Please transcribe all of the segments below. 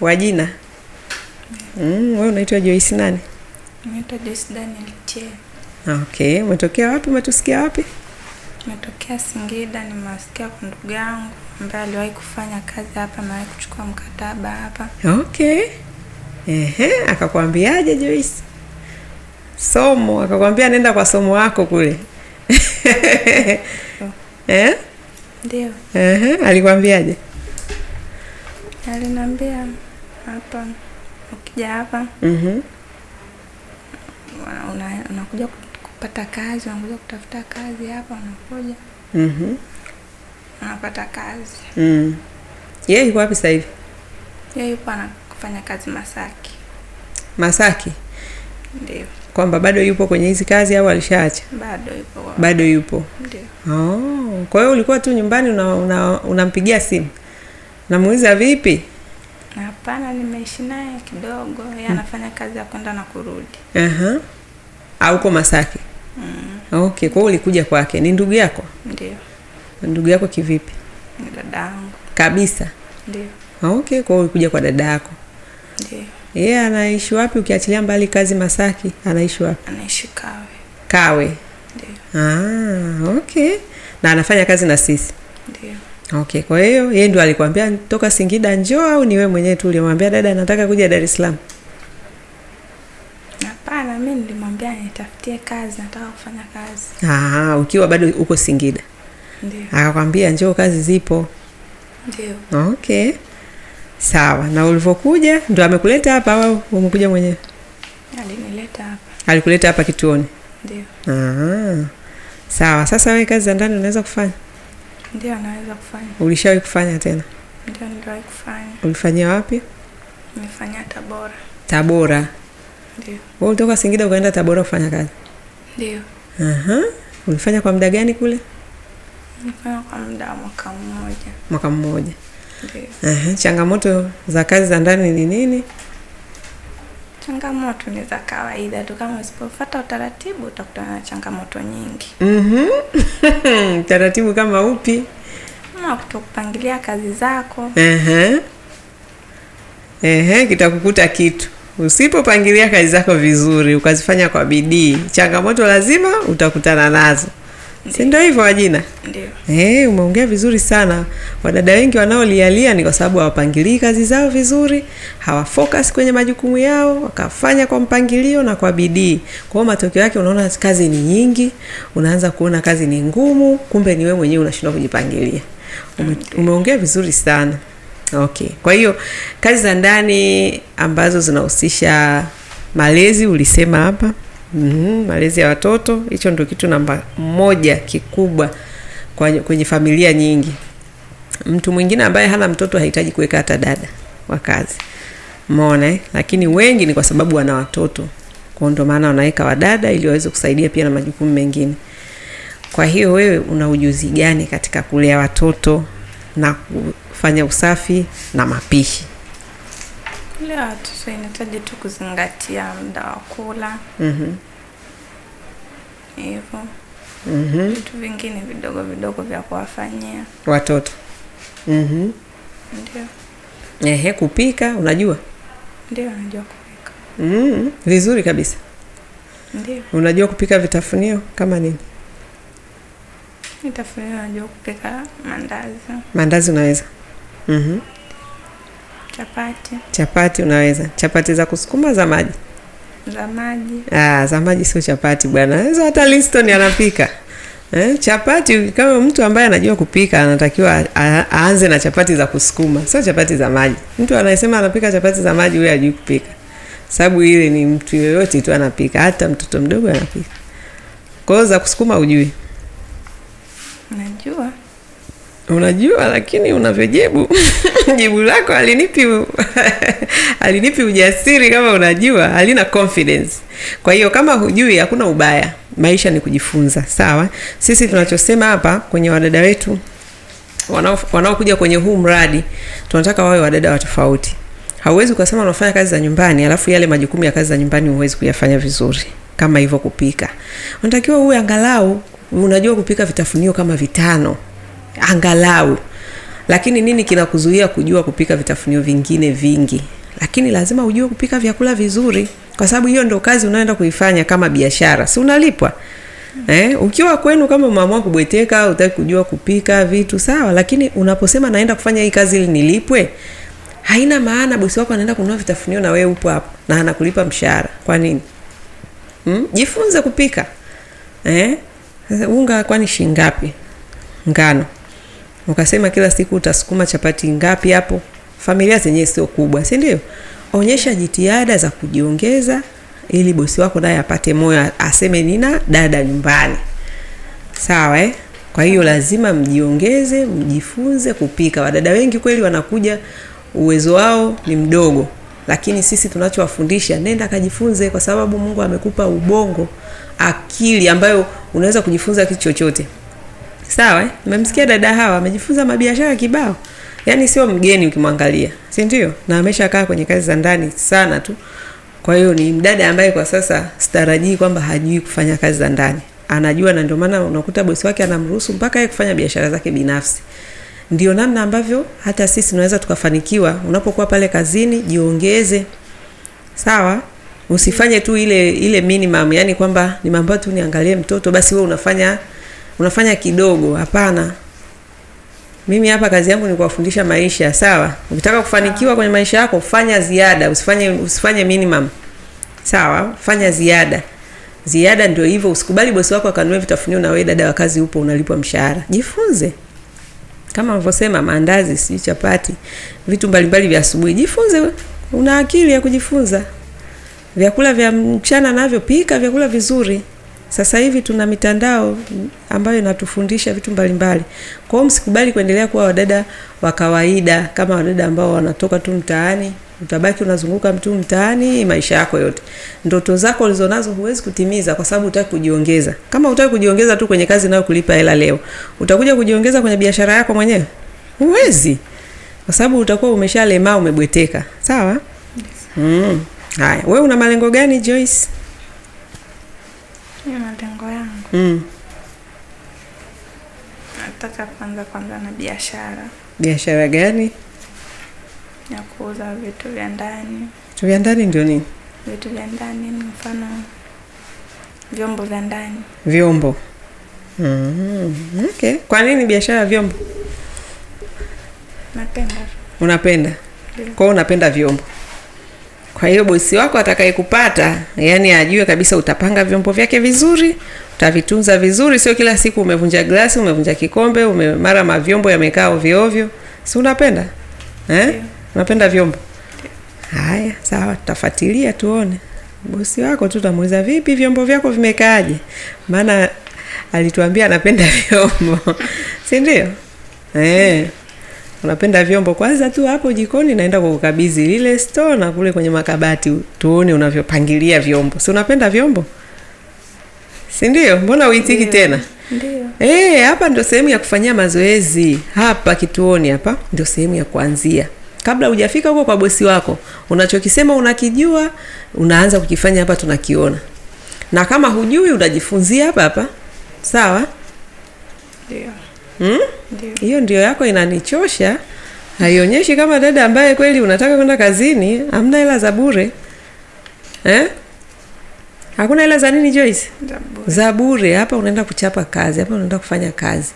wa jina mm, wewe unaitwa Joyce nani? Naitwa Joyce Daniel T. Ah, okay, umetokea wapi? Umetusikia wapi? Umetokea Singida. Nimewasikia kwa ndugu yangu ambaye aliwahi kufanya kazi hapa, na kuchukua mkataba hapa. Okay, ehe, akakwambiaje Joyce? Somo akakwambia nenda kwa somo wako kule oh. eh? Ndio. Ehe, alikwambiaje? alinambia hapa ukija hapa mm -hmm. unakuja kupata kazi, unakuja kutafuta kazi hapa, unakuja mm -hmm. unapata kazi mm. Yeye yuko wapi sasa hivi? Yeye yupo anafanya kazi Masaki. Masaki ndio kwamba bado yupo kwenye hizi kazi au alishaacha? Bado yupo, bado yupo. Ndio. Oh, kwa hiyo ulikuwa tu nyumbani unampigia una, una simu Namuuliza vipi? Hapana, nimeishi naye kidogo, yeye hmm. anafanya kazi ya kwenda na kurudi. Aha. Auko Masaki? Mm. Okay, kwa hiyo ulikuja kwake. Ni ndugu yako? Ndio. Ndugu yako kivipi? Ni dada yangu. Kabisa? Ndio. Okay, kwa hiyo ulikuja kwa dada yako. Ndio. Yeye anaishi wapi ukiachilia mbali kazi Masaki? Anaishi wapi? Anaishi Kawe. Kawe. Ndio. Ah, okay. Na anafanya kazi na sisi? Ndio. Okay, kwa hiyo yeye ndo alikwambia toka Singida njoo au ni wewe mwenyewe tu ulimwambia dada nataka kuja Dar es Salaam? Hapana, mimi nilimwambia nitafutie kazi, nataka kufanya kazi. Ah, ukiwa bado uko Singida. Ndio. Akakwambia njoo kazi zipo. Ndio. Okay. Sawa, na ulivyokuja ndo amekuleta hapa au umekuja mwenyewe? Alinileta hapa. Alikuleta hapa kituoni? Ndio. Ah. Sawa, sasa wewe kazi za ndani unaweza kufanya? Ndio, naweza kufanya. Ulishawahi kufanya tena? Ndio, niliwahi kufanya. Ulifanyia wapi? Nilifanyia Tabora. Tabora. Ndio. Wewe ulitoka Singida ukaenda Tabora kufanya kazi? Ndio. Aha. Ulifanya kwa muda gani kule? Nilifanya kwa muda wa mwaka mmoja. Mwaka mmoja. Ndio. Aha. Changamoto za kazi za ndani ni nini? Changamoto ni za kawaida tu, kama usipofuata utaratibu utakutana na changamoto nyingi. mm -hmm. Utaratibu kama upi? Kama kutokupangilia kazi zako. uh -huh. uh -huh. Kitakukuta kitu usipopangilia kazi zako vizuri, ukazifanya kwa bidii, changamoto lazima utakutana nazo si ndio hivyo Wajina? Ndio. Eh, umeongea vizuri sana. Wadada wengi wanaolialia ni kwa sababu hawapangilii kazi zao vizuri, hawafocus kwenye majukumu yao, wakafanya kwa mpangilio na kwa bidii. Kwa hiyo matokeo yake unaona kazi ni nyingi, unaanza kuona kazi ni ngumu, kumbe ni wewe mwenyewe unashindwa kujipangilia. Ume, umeongea vizuri sana. Okay. Kwa hiyo kazi za ndani ambazo zinahusisha malezi ulisema hapa mm -hmm, malezi ya watoto. Hicho ndio kitu namba moja kikubwa kwenye familia nyingi. Mtu mwingine ambaye hana mtoto hahitaji kuweka hata dada wa kazi, umeona, eh? lakini wengi ni kwa sababu wana watoto, kwa ndio maana wanaweka wadada ili waweze kusaidia pia na majukumu mengine. Kwa hiyo wewe una ujuzi gani katika kulea watoto na kufanya usafi na mapishi? kulea watoto inahitaji tu kuzingatia muda wa kula mm -hmm. mm -hmm. vitu vingine vidogo vidogo vya kuwafanyia watoto mm -hmm. ndio Ehe, kupika unajua? Ndio, najua kupika. Mm, vizuri kabisa. Ndio. Unajua kupika vitafunio kama nini? Vitafunio najua kupika mandazi. Mandazi unaweza? Mhm. Mm Chapati. Chapati unaweza chapati za kusukuma za maji? Za maji. Ah, za maji sio chapati bwana, hizo hata Liston anapika eh. Chapati kama mtu ambaye anajua kupika anatakiwa aanze na chapati za kusukuma, sio chapati za maji. Mtu anayesema anapika chapati za maji huyo hajui kupika, sababu ile ni mtu yoyote tu anapika, hata mtoto mdogo anapika. Kwa hiyo za kusukuma hujui? Najua. Unajua, lakini unavyojibu jibu lako alinipi alinipi ujasiri, kama unajua, alina confidence. Kwa hiyo kama hujui, hakuna ubaya, maisha ni kujifunza. Sawa, sisi tunachosema hapa kwenye wadada wetu wanaokuja wanao kwenye huu mradi, tunataka wawe wadada wa tofauti. Hauwezi ukasema unafanya kazi za nyumbani alafu yale majukumu ya kazi za nyumbani huwezi kuyafanya vizuri, kama hivyo kupika. Unatakiwa uwe angalau unajua kupika vitafunio kama vitano angalau. Lakini nini kinakuzuia kujua kupika vitafunio vingine vingi? Lakini lazima ujue kupika vyakula vizuri, kwa sababu hiyo ndo kazi unaenda kuifanya kama biashara, si unalipwa? Eh, ukiwa kwenu kama umeamua kubweteka, utaki kujua kupika vitu sawa, lakini unaposema naenda kufanya hii kazi ili nilipwe, haina maana. Bosi wako anaenda kununua vitafunio na wewe upo hapo na anakulipa mshahara. Kwa nini? hmm? jifunze kupika eh? Unga kwani shingapi Ngano Ukasema kila siku utasukuma chapati ngapi hapo? Familia zenyewe sio kubwa, si ndio? Onyesha jitihada za kujiongeza ili bosi wako naye apate moyo, aseme nina dada nyumbani. Sawa eh? Kwa hiyo lazima mjiongeze, mjifunze kupika. Wadada wengi kweli wanakuja uwezo wao ni mdogo, lakini sisi tunachowafundisha, nenda kajifunze, kwa sababu Mungu amekupa ubongo, akili ambayo unaweza kujifunza kitu chochote. Sawa eh? Mmemsikia dada Hawa amejifunza mabiashara kibao. Yaani sio mgeni ukimwangalia, si ndio? Na ameshakaa kwenye kazi za ndani sana tu. Kwa hiyo ni mdada ambaye kwa sasa sitarajii kwamba hajui kufanya kazi za ndani. Anajua na ndio maana unakuta bosi wake anamruhusu mpaka yeye kufanya biashara zake binafsi. Ndio namna ambavyo hata sisi tunaweza tukafanikiwa. Unapokuwa pale kazini, jiongeze. Sawa? Usifanye tu ile ile minimum, yani kwamba ni mambo tu niangalie mtoto basi wewe unafanya unafanya kidogo. Hapana, mimi hapa kazi yangu ni kuwafundisha maisha. Sawa, ukitaka kufanikiwa kwenye maisha yako fanya ziada, usifanye usifanye minimum. Sawa, fanya ziada. Ziada ndio hivyo, usikubali bosi wako akanunue vitafunio na wewe dada wa kazi upo unalipwa mshahara. Jifunze kama alivyosema maandazi, si chapati, vitu mbalimbali vya asubuhi. Jifunze, una akili ya kujifunza. Vyakula vya mchana navyo pika vyakula vizuri. Sasa hivi tuna mitandao ambayo inatufundisha vitu mbalimbali. Kwa hiyo msikubali kuendelea kuwa wadada wa kawaida kama wadada ambao wanatoka tu mtaani. Utabaki unazunguka mtu mtaani maisha yako yote. Ndoto zako ulizonazo huwezi kutimiza kwa sababu utaki kujiongeza. Kama utaki kujiongeza tu kwenye kazi nayo kulipa hela leo, utakuja kujiongeza kwenye biashara yako mwenyewe? Huwezi. Kwa sababu utakuwa umeshalemaa, umebweteka. Sawa? Mm. Haya, wewe una malengo gani Joyce? Ni malengo yangu mm. Nataka kwanza kwanza na biashara. Biashara gani? Ya kuuza vitu vya ndani. Vitu vya ndani ndio nini? Vitu vya ndani ni mfano vyombo vya ndani. Vyombo. Mm -hmm. Okay. Kwa nini biashara ya vyombo? Napenda. Unapenda? Kwa unapenda vyombo. Kwa hiyo bosi wako atakayekupata, yani ajue kabisa utapanga vyombo vyake vizuri, utavitunza vizuri, sio kila siku umevunja glasi, umevunja kikombe, ume mara mavyombo yamekaa ovyo ovyo. Si unapenda? Eh? Yeah. Unapenda vyombo? Haya, sawa, tutafuatilia tuone. Bosi wako tu tamuweza vipi vyombo vyako vimekaaje? Maana alituambia anapenda vyombo. Si ndio? Eh. Yeah unapenda vyombo, kwanza tu hapo jikoni naenda kukukabidhi lile store na kule kwenye makabati, tuone unavyopangilia vyombo. Si unapenda vyombo, si ndio? Mbona uitiki tena? Ndiyo. E, eh, hapa ndio sehemu ya kufanyia mazoezi. Hapa kituoni hapa ndio sehemu ya kuanzia kabla hujafika huko kwa bosi wako, unachokisema unakijua, unaanza kukifanya hapa, tunakiona. Na kama hujui unajifunzia hapa hapa, sawa? Ndio. Hmm? hiyo hmm? Ndio yako inanichosha, haionyeshi kama dada ambaye kweli unataka kwenda kazini. Hamna hela za bure eh? Hakuna hela za nini Joyce? Za bure. Hapa unaenda kuchapa kazi, hapa unaenda kufanya kazi,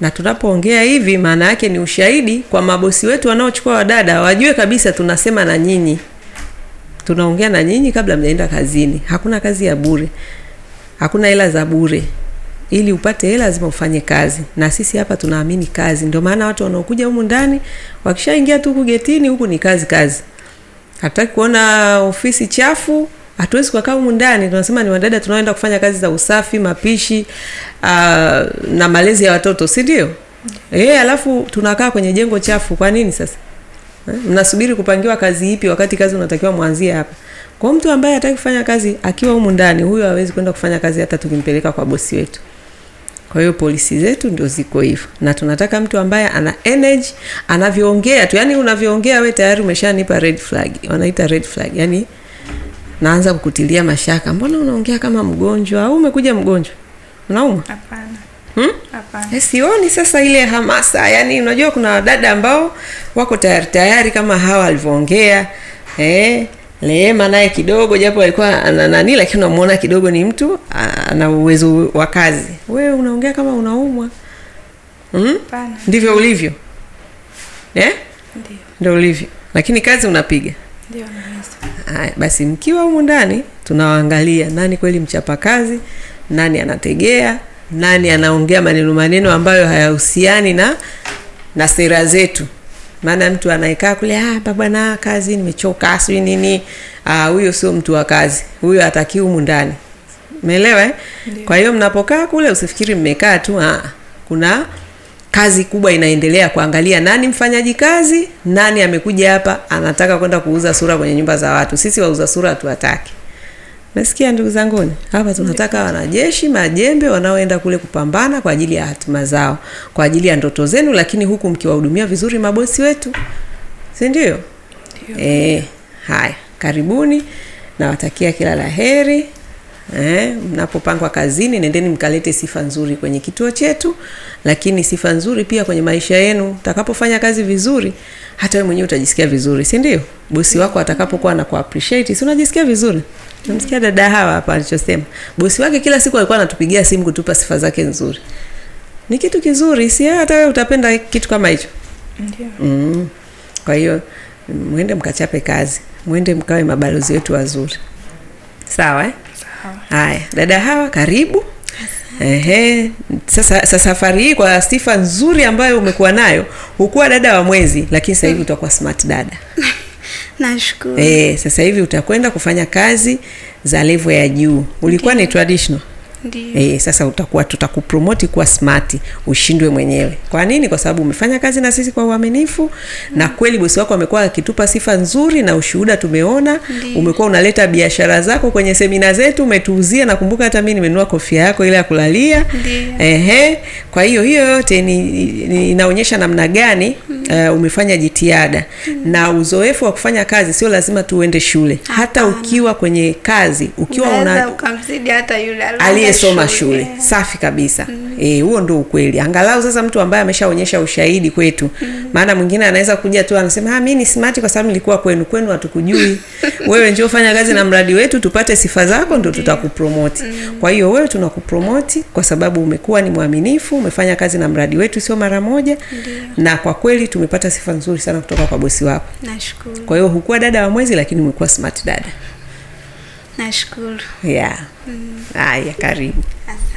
na tunapoongea hivi, maana yake ni ushahidi kwa mabosi wetu wanaochukua wadada, wajue kabisa tunasema na nyinyi, tunaongea na nyinyi kabla mjaenda kazini. Hakuna kazi ya bure, hakuna hela za bure ili upate hela lazima ufanye kazi, na sisi hapa tunaamini kazi. Ndio maana watu wanaokuja humu ndani wakishaingia tu kugetini huku ni kazi kazi. Hatutaki kuona ofisi chafu, hatuwezi kukaa humu ndani. Tunasema ni wadada tunaoenda kufanya kazi za usafi, mapishi uh, na malezi ya watoto, si ndio? e, alafu tunakaa kwenye jengo chafu. Kwa nini sasa eh, mnasubiri kupangiwa kazi ipi wakati kazi unatakiwa mwanzie hapa? Kwa mtu ambaye hataki kufanya kazi akiwa humu ndani, huyo hawezi kwenda kufanya kazi hata tukimpeleka kwa bosi wetu. Kwa hiyo polisi zetu ndio ziko hivyo, na tunataka mtu ambaye ana energy, anavyoongea tu, yani unavyoongea we tayari umeshanipa red flag, wanaita red flag, yani naanza kukutilia mashaka, mbona unaongea kama mgonjwa au umekuja mgonjwa, unauma? Hapana. Hmm? Hapana. Eh, sioni sasa ile hamasa. Yaani unajua kuna wadada ambao wako tayari tayari kama hawa walivyoongea Eh, Rehema naye kidogo, japo alikuwa ana nani, lakini unamuona kidogo ni mtu ana uwezo wa kazi. Wewe unaongea kama unaumwa mm? Ndivyo ulivyo eh? Ndio, ndio ulivyo, lakini kazi unapiga. Ndio, haya basi, mkiwa humu ndani tunawaangalia nani kweli mchapa kazi nani anategea, nani anaongea maneno maneno ambayo hayahusiani na na sera zetu maana mtu anaekaa kule, ah, hapa bwana, kazi nimechoka, sijui nini, ah, huyo sio mtu wa kazi, huyo hataki humu ndani, umeelewa? Eh? Kwa hiyo mnapokaa kule usifikiri mmekaa tu, aa, ah, kuna kazi kubwa inaendelea kuangalia nani mfanyaji kazi, nani amekuja hapa anataka kwenda kuuza sura kwenye nyumba za watu. Sisi wauza sura hatuwataki. Nasikia ndugu zanguni, hapa tunataka wanajeshi majembe wanaoenda kule kupambana kwa ajili ya hatima zao, kwa ajili ya ndoto zenu, lakini huku mkiwahudumia vizuri mabosi wetu, si ndio? E, haya, karibuni, nawatakia kila la heri. Eh, mnapopangwa kazini nendeni mkalete sifa nzuri kwenye kituo chetu, lakini sifa nzuri pia kwenye maisha yenu. Utakapofanya kazi vizuri, hata wewe mwenyewe utajisikia vizuri, si ndio? Bosi wako atakapokuwa anaku appreciate, si unajisikia vizuri? Namsikia dada hawa hapa alichosema, bosi wake kila siku alikuwa anatupigia simu kutupa sifa zake nzuri. Ni kitu kizuri, si hata wewe utapenda kitu kama hicho? Ndio. Mm. Kwa hiyo mwende mkachape kazi, mwende mkawe mabalozi wetu wazuri, sawa eh? Haya, dada hawa karibu. Ehe, sasa, safari hii kwa sifa nzuri ambayo umekuwa nayo, hukuwa dada wa mwezi, lakini sasa hivi mm. utakuwa smart dada. Nashukuru. Eh, sasa hivi utakwenda kufanya kazi za level ya juu. Ulikuwa okay. ni traditional E, sasa utakuwa tutakupromoti kuwa smati ushindwe mwenyewe. Kwa nini? Kwa sababu umefanya kazi na sisi kwa uaminifu mm. na kweli bosi wako amekuwa akitupa sifa nzuri na ushuhuda tumeona. Umekuwa unaleta biashara zako kwenye semina zetu, umetuuzia. Nakumbuka hata mimi nimenunua kofia yako ile ya kulalia. Ehe, kwa hiyo hiyo yote ni, ni, inaonyesha namna gani mm. uh, umefanya jitihada mm. na uzoefu wa kufanya kazi sio lazima tuende shule, hata ukiwa kwenye kazi ukiwa una amesoma shule, shule. Eh. Safi kabisa mm. Eh, huo ndio ukweli. Angalau sasa mtu ambaye ameshaonyesha ushahidi kwetu mm. Maana mwingine anaweza kuja tu anasema ah, mimi ni smart kwa sababu nilikuwa kwenu, kwenu hatukujui wewe njoo fanya kazi na mradi wetu tupate sifa zako ndio mm. tutakupromote mm. Kwa hiyo wewe tunakupromote kwa sababu umekuwa ni mwaminifu, umefanya kazi na mradi wetu sio mara moja mm. Na kwa kweli tumepata sifa nzuri sana kutoka kwa bosi wako. Kwa hiyo hukuwa dada wa mwezi, lakini umekuwa smart dada. Nashukuru. Yeah. Mm. Haya, karibu. Asante.